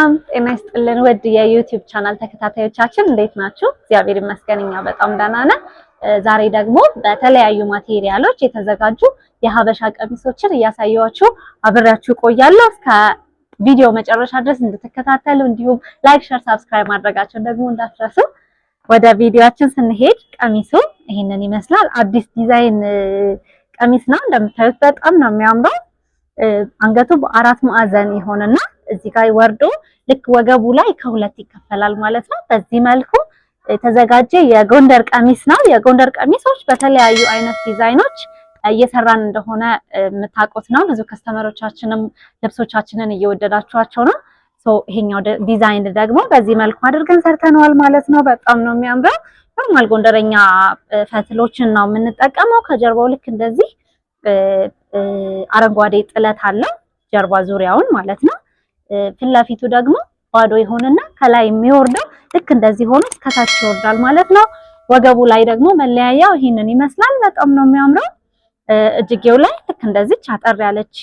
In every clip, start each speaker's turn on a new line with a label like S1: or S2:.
S1: ሰላም ጤና ይስጥልን ውድ የዩቲዩብ ቻናል ተከታታዮቻችን እንዴት ናችሁ? እግዚአብሔር ይመስገን እኛ በጣም ደህና ነን። ዛሬ ደግሞ በተለያዩ ማቴሪያሎች የተዘጋጁ የሀበሻ ቀሚሶችን እያሳየኋችሁ አብሬያችሁ ቆያለሁ። እስከ ቪዲዮ መጨረሻ ድረስ እንድትከታተሉ እንዲሁም ላይክ፣ ሸር፣ ሳብስክራይብ ማድረጋችሁን ደግሞ እንዳትረሱ። ወደ ቪዲዮአችን ስንሄድ ቀሚሱ ይህንን ይመስላል። አዲስ ዲዛይን ቀሚስ ነው። እንደምታዩት በጣም ነው የሚያምረው። አንገቱ በአራት ማዕዘን ይሆንና እዚህ ጋር ወርዶ ልክ ወገቡ ላይ ከሁለት ይከፈላል ማለት ነው። በዚህ መልኩ የተዘጋጀ የጎንደር ቀሚስ ነው። የጎንደር ቀሚሶች በተለያዩ አይነት ዲዛይኖች እየሰራን እንደሆነ የምታውቁት ነው። ብዙ ከስተመሮቻችንም ልብሶቻችንን እየወደዳችኋቸው ነው። ይሄኛው ዲዛይን ደግሞ በዚህ መልኩ አድርገን ሰርተነዋል ማለት ነው። በጣም ነው የሚያምረው። ኖርማል ጎንደረኛ ፈትሎችን ነው የምንጠቀመው። ከጀርባው ልክ እንደዚህ አረንጓዴ ጥለት አለው ጀርባ ዙሪያውን ማለት ነው። ፊት ለፊቱ ደግሞ ባዶ ይሆንና ከላይ የሚወርደው ልክ እንደዚህ ሆኖ ከታች ይወርዳል ማለት ነው። ወገቡ ላይ ደግሞ መለያያው ይህንን ይመስላል። በጣም ነው የሚያምረው። እጅጌው ላይ ልክ እንደዚች አጠር ያለች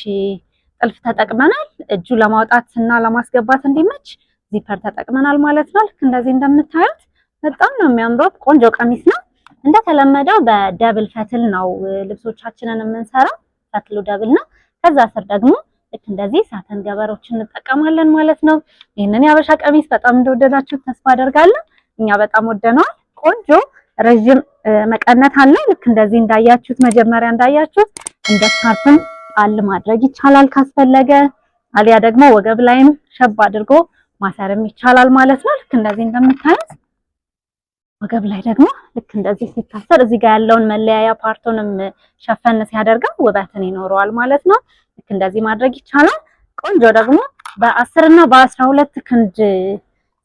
S1: ጥልፍ ተጠቅመናል። እጁ ለማውጣት እና ለማስገባት እንዲመች ዚፐር ተጠቅመናል ማለት ነው። ልክ እንደዚህ እንደምታዩት በጣም ነው የሚያምረው። ቆንጆ ቀሚስ ነው። እንደተለመደው በደብል ፈትል ነው ልብሶቻችንን የምንሰራው። ፈትሉ ደብል ነው። ከዛ ስር ደግሞ ልክ እንደዚህ ሳተን ገበሮች እንጠቀማለን ማለት ነው። ይህንን የአበሻ ቀሚስ በጣም እንደወደዳችሁ ተስፋ አደርጋለሁ። እኛ በጣም ወደነዋል። ቆንጆ ረዥም መቀነት አለው። ልክ እንደዚህ እንዳያችሁት መጀመሪያ እንዳያችሁት እንደ ስካርፍም ጣል ማድረግ ይቻላል ካስፈለገ፣ አሊያ ደግሞ ወገብ ላይም ሸብ አድርጎ ማሰርም ይቻላል ማለት ነው። ልክ እንደዚህ እንደምታዩት ወገብ ላይ ደግሞ ልክ እንደዚህ ሲታሰር እዚህ ጋር ያለውን መለያያ ፓርቶንም ሸፈን ሲያደርገው ውበትን ይኖረዋል ማለት ነው። ልክ እንደዚህ ማድረግ ይቻላል። ቆንጆ ደግሞ በአስር እና በአስራ ሁለት ክንድ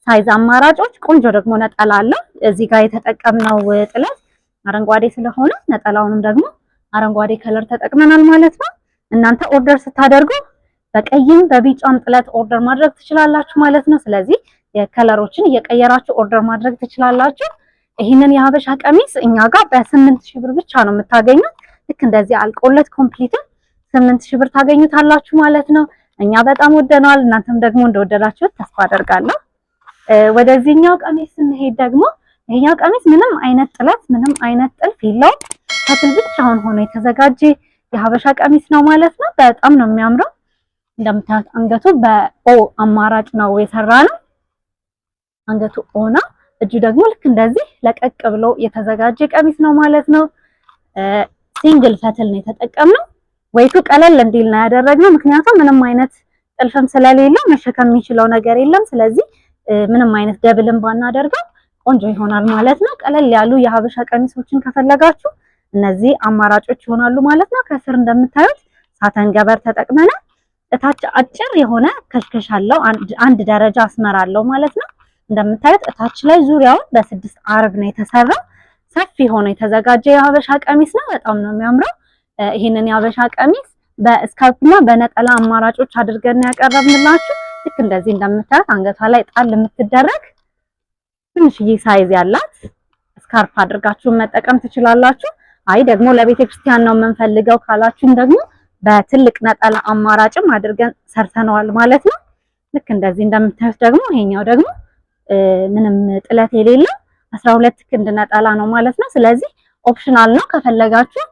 S1: ሳይዝ አማራጮች ቆንጆ ደግሞ ነጠላ አለ። እዚህ ጋር የተጠቀምነው ጥለት አረንጓዴ ስለሆነ ነጠላውንም ደግሞ አረንጓዴ ከለር ተጠቅመናል ማለት ነው። እናንተ ኦርደር ስታደርጉ በቀይም በቢጫም ጥለት ኦርደር ማድረግ ትችላላችሁ ማለት ነው። ስለዚህ የከለሮችን እየቀየራችሁ ኦርደር ማድረግ ትችላላችሁ። ይህንን የሀበሻ ቀሚስ እኛ ጋር በስምንት ሺህ ብር ብቻ ነው የምታገኙት። ልክ እንደዚህ አልቆለት ኮምፕሊትም ስምንት ሺህ ብር ታገኙታላችሁ ማለት ነው። እኛ በጣም ወደነዋል። እናንተም ደግሞ እንደወደዳችሁት ተስፋ አደርጋለሁ። ወደዚህኛው ቀሚስ ስንሄድ ደግሞ ይሄኛው ቀሚስ ምንም አይነት ጥለት ምንም አይነት ጥልፍ የለውም። ከትል ብቻውን ሆኖ የተዘጋጀ የሀበሻ ቀሚስ ነው ማለት ነው። በጣም ነው የሚያምረው። እንደምታዩት አንገቱ በኦ አማራጭ ነው የሰራ ነው። አንገቱ ኦ ነው። እጁ ደግሞ ልክ እንደዚህ ለቀቅ ብሎ የተዘጋጀ ቀሚስ ነው ማለት ነው። ሲንግል ፈትል ነው የተጠቀምነው። ወይቱ ቀለል እንዲል ነው ያደረግነው፣ ምክንያቱም ምንም አይነት ጥልፍም ስለሌለው መሸከም የሚችለው ነገር የለም። ስለዚህ ምንም አይነት ደብልም ባናደርገው ቆንጆ ይሆናል ማለት ነው። ቀለል ያሉ የሀበሻ ቀሚሶችን ከፈለጋችሁ እነዚህ አማራጮች ይሆናሉ ማለት ነው። ከስር እንደምታዩት ሳተን ገበር ተጠቅመናል። እታች አጭር የሆነ ከሽከሽ አለው፣ አንድ ደረጃ አስመር አለው ማለት ነው። እንደምታዩት እታች ላይ ዙሪያውን በስድስት አርብ ነው የተሰራ ሰፊ ሆኖ የተዘጋጀ የሀበሻ ቀሚስ ነው። በጣም ነው የሚያምረው። ይህንን የሀበሻ ቀሚስ በስካልፕና በነጠላ አማራጮች አድርገን ያቀረብንላችሁ። ልክ እንደዚህ እንደምታዩት አንገቷ ላይ ጣል የምትደረግ ትንሽዬ ሳይዝ ያላት ስካርፕ አድርጋችሁን መጠቀም ትችላላችሁ። አይ ደግሞ ለቤተ ክርስቲያን ነው የምንፈልገው ካላችሁም ደግሞ በትልቅ ነጠላ አማራጭም አድርገን ሰርተነዋል ማለት ነው። ልክ እንደዚህ እንደምታዩት ደግሞ ይሄኛው ደግሞ ምንም ጥለት የሌለው አስራ ሁለት ክንድ ነጠላ ነው ማለት ነው። ስለዚህ ኦፕሽናል ነው። ከፈለጋችሁ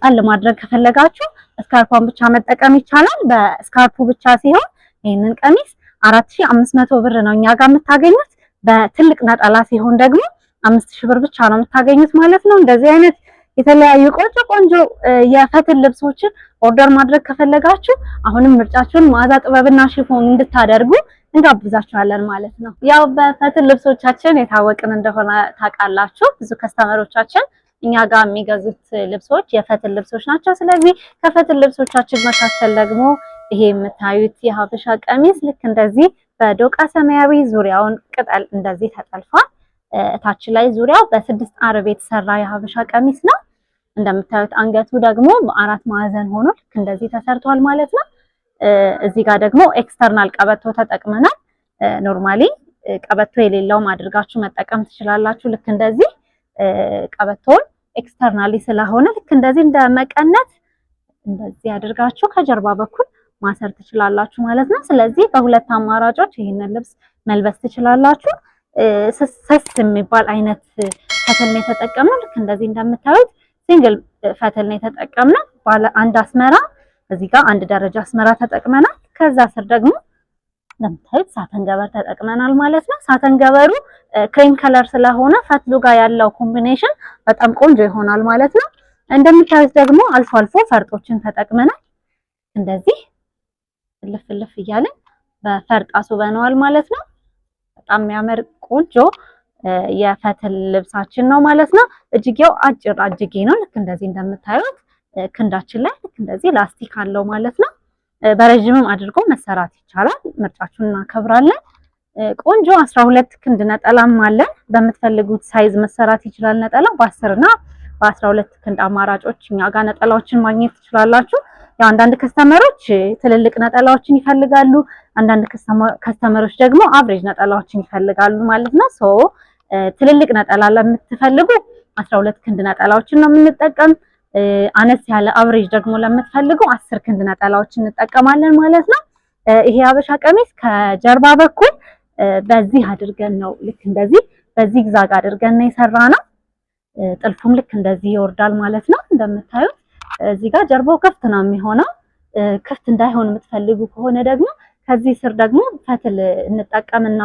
S1: ጣል ማድረግ ከፈለጋችሁ ስካርፑን ብቻ መጠቀም ይቻላል። በስካርፑ ብቻ ሲሆን ይህንን ቀሚስ 4500 ብር ነው እኛ ጋር የምታገኙት። በትልቅ ነጠላ ሲሆን ደግሞ 5000 ብር ብቻ ነው የምታገኙት ማለት ነው። እንደዚህ አይነት የተለያዩ ቆንጆ ቆንጆ የፈትል ልብሶችን ኦርደር ማድረግ ከፈለጋችሁ አሁንም ምርጫችሁን መዓዛ ጥበብና ሽፎን እንድታደርጉ እንጋብዛችኋለን ማለት ነው። ያው በፈትል ልብሶቻችን የታወቅን እንደሆነ ታውቃላችሁ። ብዙ ከስተመሮቻችን እኛ ጋር የሚገዙት ልብሶች የፈትል ልብሶች ናቸው። ስለዚህ ከፈትል ልብሶቻችን መካከል ደግሞ ይሄ የምታዩት የሀበሻ ቀሚስ ልክ እንደዚህ በዶቃ ሰማያዊ ዙሪያውን ቅጠል እንደዚህ ተጠልፏል። እታች ላይ ዙሪያው በስድስት አርብ የተሰራ የሀበሻ ቀሚስ ነው። እንደምታዩት አንገቱ ደግሞ በአራት ማዕዘን ሆኖ ልክ እንደዚህ ተሰርቷል ማለት ነው። እዚህ ጋር ደግሞ ኤክስተርናል ቀበቶ ተጠቅመናል። ኖርማሊ ቀበቶ የሌለውም አድርጋችሁ መጠቀም ትችላላችሁ። ልክ እንደዚህ ቀበቶውን ኤክስተርናሊ ስለሆነ ልክ እንደዚህ እንደ መቀነት እንደዚህ አድርጋችሁ ከጀርባ በኩል ማሰር ትችላላችሁ ማለት ነው። ስለዚህ በሁለት አማራጮች ይህንን ልብስ መልበስ ትችላላችሁ። ሰስ የሚባል አይነት ፈትል ነው የተጠቀምነው። ልክ እንደዚህ እንደምታዩት ሲንግል ፈትል ነው የተጠቀምነው። ባለ አንድ አስመራ እዚህ ጋር አንድ ደረጃ አስመራ ተጠቅመናል። ከዛ ስር ደግሞ እንደምታዩት ሳተን ገበር ተጠቅመናል ማለት ነው። ሳተን ገበሩ ክሬም ከለር ስለሆነ ፈትሉ ጋር ያለው ኮምቢኔሽን በጣም ቆንጆ ይሆናል ማለት ነው። እንደምታዩት ደግሞ አልፎ አልፎ ፈርጦችን ተጠቅመናል። እንደዚህ ልፍ ልፍ እያለን በፈርጥ አስውበነዋል ማለት ነው። በጣም የሚያምር ቆንጆ የፈትል ልብሳችን ነው ማለት ነው። እጅጌው አጭር እጅጌ ነው ልክ እንደዚህ እንደምታዩት ክንዳችን ላይ ልክ እንደዚህ ላስቲክ አለው ማለት ነው። በረዥምም አድርጎ መሰራት ይቻላል። ምርጫችሁን እናከብራለን። ቆንጆ 12 ክንድ ነጠላም አለን። በምትፈልጉት ሳይዝ መሰራት ይችላል። ነጠላው በ10 እና በ12 ክንድ አማራጮች እኛ ጋር ነጠላዎችን ማግኘት ትችላላችሁ። ያው አንዳንድ ከስተመሮች ትልልቅ ነጠላዎችን ይፈልጋሉ፣ አንዳንድ ከስተመሮች ደግሞ አብሬጅ ነጠላዎችን ይፈልጋሉ ማለት ነው። ሶ ትልልቅ ነጠላ ለምትፈልጉ 12 ክንድ ነጠላዎችን ነው የምንጠቀም አነስ ያለ አብሬጅ ደግሞ ለምትፈልጉ አስር ክንድ ነጠላዎች እንጠቀማለን ማለት ነው። ይሄ አበሻ ቀሚስ ከጀርባ በኩል በዚህ አድርገን ነው ልክ እንደዚህ በዚህ ግዛግ አድርገን ነው የሰራ ነው። ጥልፉም ልክ እንደዚህ ይወርዳል ማለት ነው። እንደምታዩት እዚህ ጋር ጀርባው ክፍት ነው የሚሆነው። ክፍት እንዳይሆን የምትፈልጉ ከሆነ ደግሞ ከዚህ ስር ደግሞ ፈትል እንጠቀምና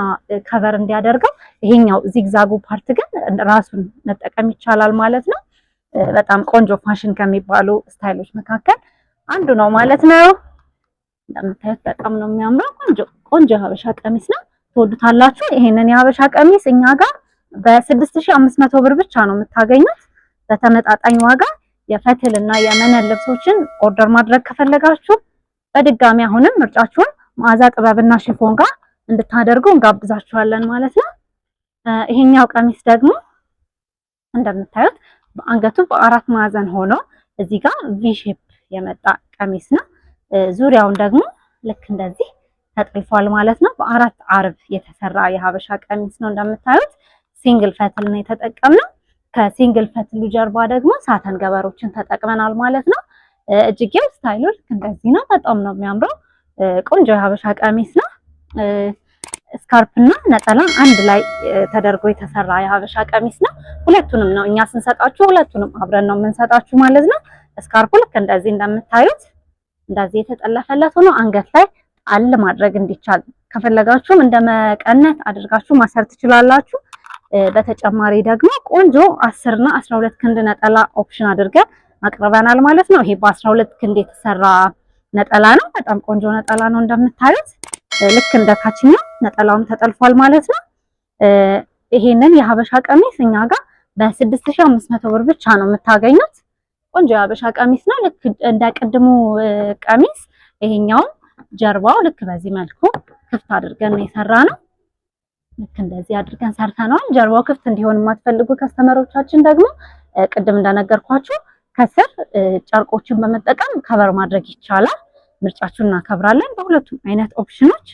S1: ከቨር እንዲያደርገው ይሄኛው ዚግዛጉ ፓርት ግን ራሱን መጠቀም ይቻላል ማለት ነው። በጣም ቆንጆ ፋሽን ከሚባሉ ስታይሎች መካከል አንዱ ነው ማለት ነው። እንደምታዩት በጣም ነው የሚያምረው። ቆንጆ ቆንጆ የሀበሻ ቀሚስ ነው። ትወዱታላችሁ። ይሄንን የሀበሻ ቀሚስ እኛ ጋር በ6500 ብር ብቻ ነው የምታገኙት በተመጣጣኝ ዋጋ። የፈትል እና የመነን ልብሶችን ኦርደር ማድረግ ከፈለጋችሁ በድጋሚ አሁንም ምርጫችሁን መዓዛ ጥበብና ሽፎን ጋር እንድታደርጉ እንጋብዛችኋለን ማለት ነው። ይሄኛው ቀሚስ ደግሞ እንደምታዩት በአንገቱ በአራት ማዕዘን ሆኖ እዚህ ጋር ቪሼፕ የመጣ ቀሚስ ነው። ዙሪያውን ደግሞ ልክ እንደዚህ ተጠልፏል ማለት ነው። በአራት አርብ የተሰራ የሀበሻ ቀሚስ ነው። እንደምታዩት ሲንግል ፈትል ነው የተጠቀምነው። ከሲንግል ፈትሉ ጀርባ ደግሞ ሳተን ገበሮችን ተጠቅመናል ማለት ነው። እጅጌው ስታይሉ ልክ እንደዚህ ነው። በጣም ነው የሚያምረው። ቆንጆ የሀበሻ ቀሚስ ነው። ስካርፕና ነጠላ አንድ ላይ ተደርጎ የተሰራ የሀበሻ ቀሚስ ነው። ሁለቱንም ነው እኛ ስንሰጣችሁ፣ ሁለቱንም አብረን ነው የምንሰጣችሁ ማለት ነው። ስካርፑ ልክ እንደዚህ እንደምታዩት እንደዚህ የተጠለፈለት ሆኖ አንገት ላይ ጣል ማድረግ እንዲቻል ከፈለጋችሁም እንደ መቀነት አድርጋችሁ ማሰር ትችላላችሁ። በተጨማሪ ደግሞ ቆንጆ አስርና እና አስራ ሁለት ክንድ ነጠላ ኦፕሽን አድርገን አቅርበናል ማለት ነው። ይሄ በአስራ ሁለት ክንድ የተሰራ ነጠላ ነው። በጣም ቆንጆ ነጠላ ነው እንደምታዩት ልክ እንደ ታችኛ ነጠላውም ተጠልፏል ማለት ነው። ይሄንን የሀበሻ ቀሚስ እኛ ጋር በ6500 ብር ብቻ ነው የምታገኙት። ቆንጆ የሀበሻ ቀሚስ ነው። ልክ እንደ ቅድሙ ቀሚስ ይሄኛውም ጀርባው ልክ በዚህ መልኩ ክፍት አድርገን ነው የሰራ ነው። ልክ እንደዚህ አድርገን ሰርተነዋል። ጀርባው ክፍት እንዲሆን የማትፈልጉ ከስተመሮቻችን ደግሞ ቅድም እንደነገርኳችሁ ከስር ጨርቆችን በመጠቀም ከበር ማድረግ ይቻላል። ምርጫችሁን እናከብራለን። በሁለቱም አይነት ኦፕሽኖች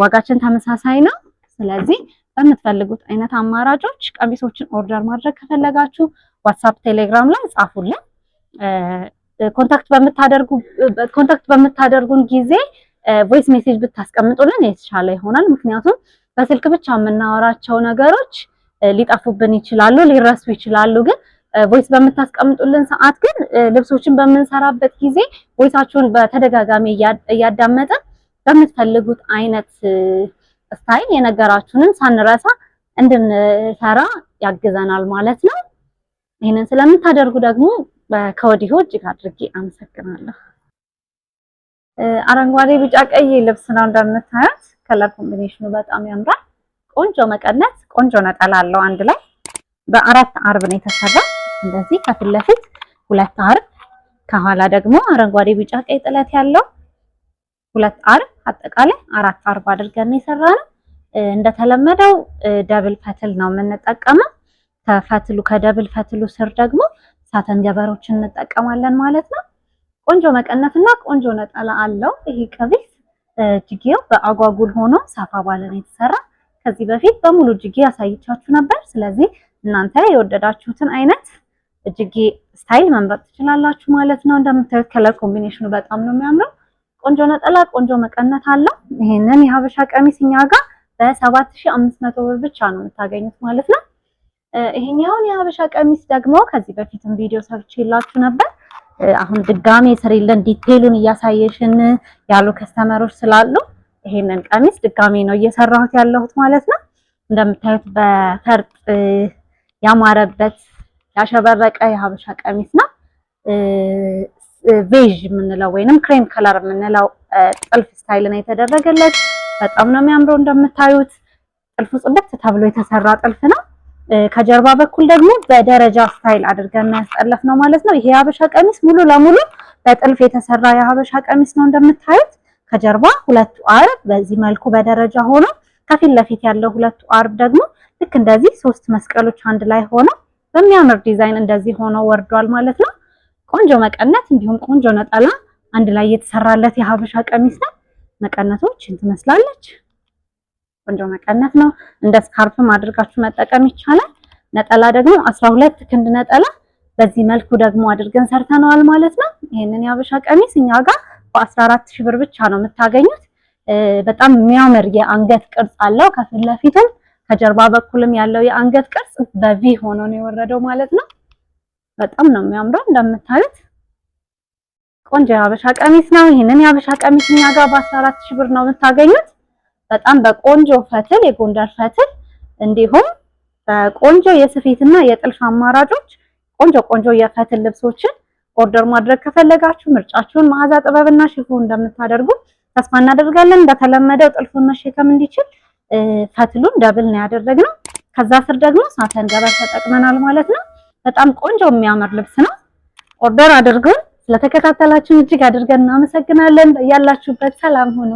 S1: ዋጋችን ተመሳሳይ ነው። ስለዚህ በምትፈልጉት አይነት አማራጮች ቀሚሶችን ኦርደር ማድረግ ከፈለጋችሁ ዋትሳፕ፣ ቴሌግራም ላይ ጻፉልን። ኮንታክት በምታደርጉን ጊዜ ቮይስ ሜሴጅ ብታስቀምጡልን የተሻለ ይሆናል። ምክንያቱም በስልክ ብቻ የምናወራቸው ነገሮች ሊጠፉብን ይችላሉ፣ ሊረሱ ይችላሉ ግን ቮይስ በምታስቀምጡልን ሰዓት ግን ልብሶችን በምንሰራበት ጊዜ ቮይሳችሁን በተደጋጋሚ እያዳመጠን በምትፈልጉት አይነት ስታይል የነገራችሁንን ሳንረሳ እንድንሰራ ያግዘናል ማለት ነው። ይህንን ስለምታደርጉ ደግሞ ከወዲሁ እጅግ አድርጌ አመሰግናለሁ። አረንጓዴ፣ ቢጫ፣ ቀይ ልብስ ነው እንደምታዩት። ከለር ኮምቢኔሽኑ በጣም ያምራል። ቆንጆ መቀነት፣ ቆንጆ ነጠላ አለው አንድ ላይ በአራት አርብ ነው የተሰራው። እንደዚህ ከፊት ለፊት ሁለት አርብ ከኋላ ደግሞ አረንጓዴ፣ ቢጫ፣ ቀይ ጥለት ያለው ሁለት አርብ አጠቃላይ አራት አርብ አድርገን ነው እንደተለመደው ደብል ፈትል ነው የምንጠቀመው። ከፈትሉ ከደብል ፈትሉ ስር ደግሞ ሳተን ገበሮችን እንጠቀማለን ማለት ነው። ቆንጆ መቀነትና ቆንጆ ነጠላ አለው ይሄ ቀሚስ። እጅጌው በአጓጉል ሆኖ ሰፋ ባለ ነው የተሰራ። ከዚህ በፊት በሙሉ እጅጌ ያሳይቻችሁ ነበር። ስለዚህ እናንተ የወደዳችሁትን አይነት እጅጌ ስታይል መምረጥ ትችላላችሁ ማለት ነው። እንደምታዩት ከለር ኮምቢኔሽኑ በጣም ነው የሚያምረው። ቆንጆ ነጠላ፣ ቆንጆ መቀነት አለ። ይሄንን የሀበሻ ቀሚስ እኛ ጋር በ7500 ብር ብቻ ነው የምታገኙት ማለት ነው። ይሄኛውን የሀበሻ ቀሚስ ደግሞ ከዚህ በፊትም ቪዲዮ ሰርች የላችሁ ነበር። አሁን ድጋሜ ስሪልን ዲቴሉን እያሳየሽን ያሉ ከስተመሮች ስላሉ ይሄንን ቀሚስ ድጋሜ ነው እየሰራሁት ያለሁት ማለት ነው። እንደምታዩት በፈርጥ ያማረበት ያሸበረቀ የሀበሻ ቀሚስ ነው። ቬዥ የምንለው ወይንም ክሬም ከለር የምንለው ጥልፍ ስታይል ነው የተደረገለት። በጣም ነው የሚያምረው። እንደምታዩት ጥልፉ ጽድት ተብሎ የተሰራ ጥልፍ ነው። ከጀርባ በኩል ደግሞ በደረጃ ስታይል አድርገን ያስጠለፍ ነው ማለት ነው። ይሄ የሀበሻ ቀሚስ ሙሉ ለሙሉ በጥልፍ የተሰራ የሀበሻ ቀሚስ ነው። እንደምታዩት ከጀርባ ሁለቱ አርብ በዚህ መልኩ በደረጃ ሆኖ ከፊት ለፊት ያለው ሁለቱ አርብ ደግሞ ልክ እንደዚህ ሶስት መስቀሎች አንድ ላይ ሆነው በሚያምር ዲዛይን እንደዚህ ሆኖ ወርዷል ማለት ነው። ቆንጆ መቀነት እንዲሁም ቆንጆ ነጠላ አንድ ላይ የተሰራለት የሀበሻ ቀሚስ ነው። መቀነቶች ትመስላለች። ቆንጆ መቀነት ነው። እንደ ስካርፕም አድርጋችሁ መጠቀም ይቻላል። ነጠላ ደግሞ አስራ ሁለት ክንድ ነጠላ በዚህ መልኩ ደግሞ አድርገን ሰርተነዋል ማለት ነው። ይሄንን የሀበሻ ቀሚስ እኛ ጋር በአስራ አራት ሺህ ብር ብቻ ነው የምታገኙት። በጣም የሚያምር የአንገት ቅርጽ አለው ከፊት ለፊትም ከጀርባ በኩልም ያለው የአንገት ቅርጽ በቪ ሆኖ ነው የወረደው ማለት ነው። በጣም ነው የሚያምረው እንደምታዩት ቆንጆ የሀበሻ ቀሚስ ነው። ይህንን የሀበሻ ቀሚስ እኛ ጋር በ14 ሺህ ብር ነው የምታገኙት። በጣም በቆንጆ ፈትል የጎንደር ፈትል እንዲሁም በቆንጆ የስፌትና የጥልፍ አማራጮች ቆንጆ ቆንጆ የፈትል ልብሶችን ኦርደር ማድረግ ከፈለጋችሁ ምርጫችሁን መዓዛ ጥበብና ሽፉን እንደምታደርጉ ተስፋ እናደርጋለን። እንደተለመደው ጥልፉን መሸከም እንዲችል ፈትሉን ደብል ነው ያደረግነው። ከዛ ስር ደግሞ ሳተን ገበር ተጠቅመናል ማለት ነው። በጣም ቆንጆ የሚያምር ልብስ ነው። ኦርደር አድርጉን። ስለተከታተላችሁን እጅግ አድርገን እናመሰግናለን። ያላችሁበት ሰላም ሁኑ።